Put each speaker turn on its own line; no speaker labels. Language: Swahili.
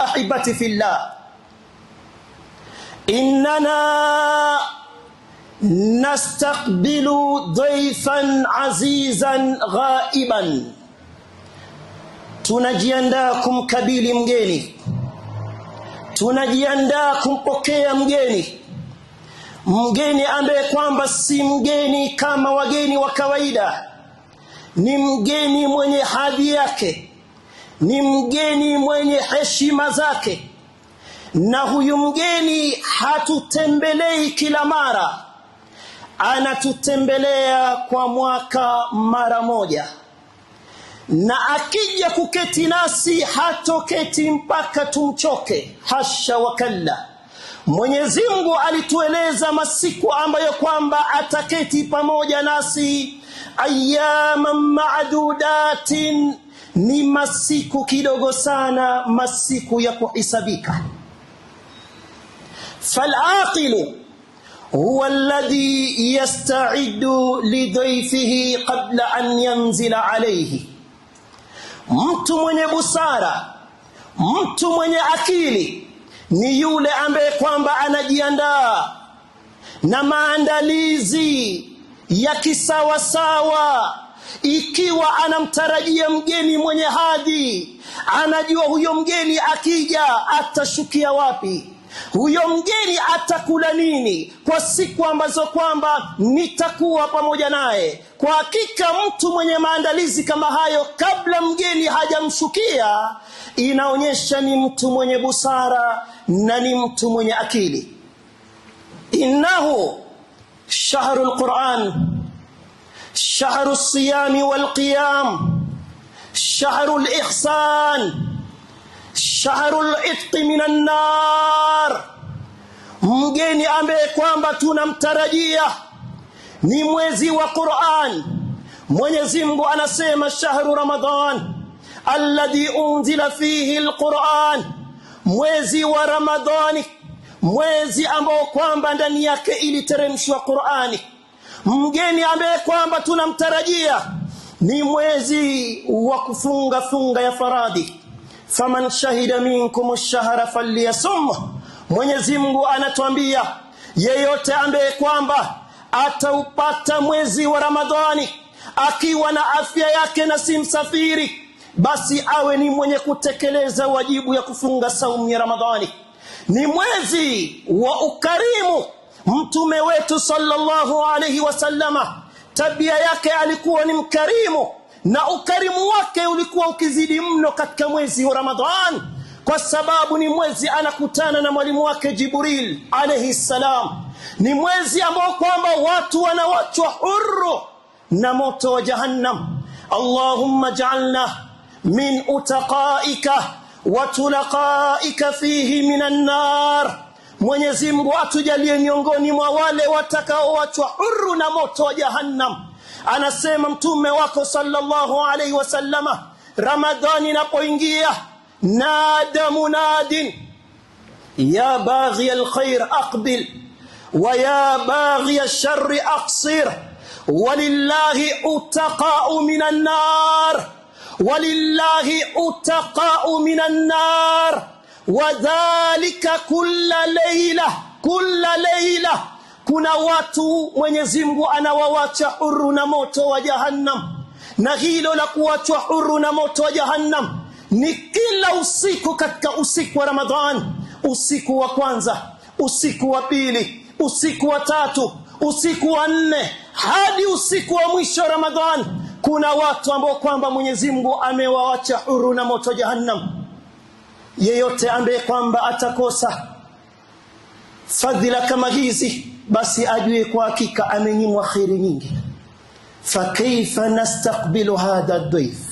ahibati fillah inna nastaqbilu dhayfan azizan ghaiban tunajiandaa kumkabili mgeni tunajiandaa kumpokea mgeni mgeni ambaye kwamba si mgeni kama wageni wa kawaida ni mgeni mwenye hadhi yake ni mgeni mwenye heshima zake na huyu mgeni hatutembelei kila mara anatutembelea kwa mwaka mara moja na akija kuketi nasi hatoketi mpaka tumchoke hasha wakalla mwenyezi mungu alitueleza masiku ambayo kwamba ataketi pamoja nasi ayaman madudatin ni masiku kidogo sana masiku ya kuhisabika falaqilu huwa alladhi yastaidu lidhaifihi qabla an yanzila alayhi mtu mwenye busara mtu mwenye akili ni yule ambaye kwamba anajiandaa na maandalizi ya kisawasawa sawa ikiwa anamtarajia mgeni mwenye hadhi, anajua huyo mgeni akija atashukia wapi, huyo mgeni atakula nini kwa siku ambazo kwamba nitakuwa pamoja naye. Kwa hakika mtu mwenye maandalizi kama hayo kabla mgeni hajamshukia, inaonyesha ni mtu mwenye busara na ni mtu mwenye akili. Innahu shahru lquran شهر الصيام والقيام شهر الإحسان شهر العتق من النار mgeni ambaye kwamba tunamtarajia ni mwezi wa Qur'an Mwenyezi Mungu anasema shahru Ramadhan alladhi unzila fihi alquran mwezi wa Ramadhani mwezi ambao kwamba ndani yake iliteremshwa Qur'ani mgeni ambaye kwamba tunamtarajia ni mwezi wa kufunga funga ya faradhi faman shahida minkum ash-shahra falyasum Mwenyezi Mungu anatuambia yeyote ambaye kwamba ataupata mwezi wa Ramadhani akiwa na afya yake na si msafiri basi awe ni mwenye kutekeleza wajibu ya kufunga saumu ya Ramadhani ni mwezi wa ukarimu mtume wetu sallallahu alayhi wasallama tabia yake alikuwa ni mkarimu na ukarimu wake ulikuwa ukizidi mno katika mwezi wa Ramadhan kwa sababu ni mwezi anakutana na mwalimu wake Jibril alayhi salam. Ni mwezi ambao kwamba watu wanawachwa huru na moto wa Jahannam. Allahumma ja'alna min utaqaika wa tulaqaika fihi minan nar mwenyezi mungu atujalie miongoni mwa wale watakaoachwa huru na moto wa jahannam anasema mtume wako sallallahu alaihi wasallama ramadhani inapoingia nada munadin ya baghi alkhair aqbil wa ya baghi alshari aqsir walillahi utaqau min annar walillahi utaqau min annar wadhalika kulla leila kulla leila kuna watu mwenyezi mungu anawawacha huru na moto wa jahannam na hilo la kuwachwa huru na moto wa jahannam ni kila usiku katika usiku wa ramadhan usiku wa kwanza usiku wa pili usiku wa tatu usiku wa nne hadi usiku wa mwisho wa ramadhan kuna watu ambao kwamba mwenyezi mungu amewawacha huru na moto wa jahannam yeyote ambaye kwamba atakosa fadhila kama hizi basi ajue kwa hakika amenyimwa khiri nyingi kaifa nastaqbilu hadha dhaif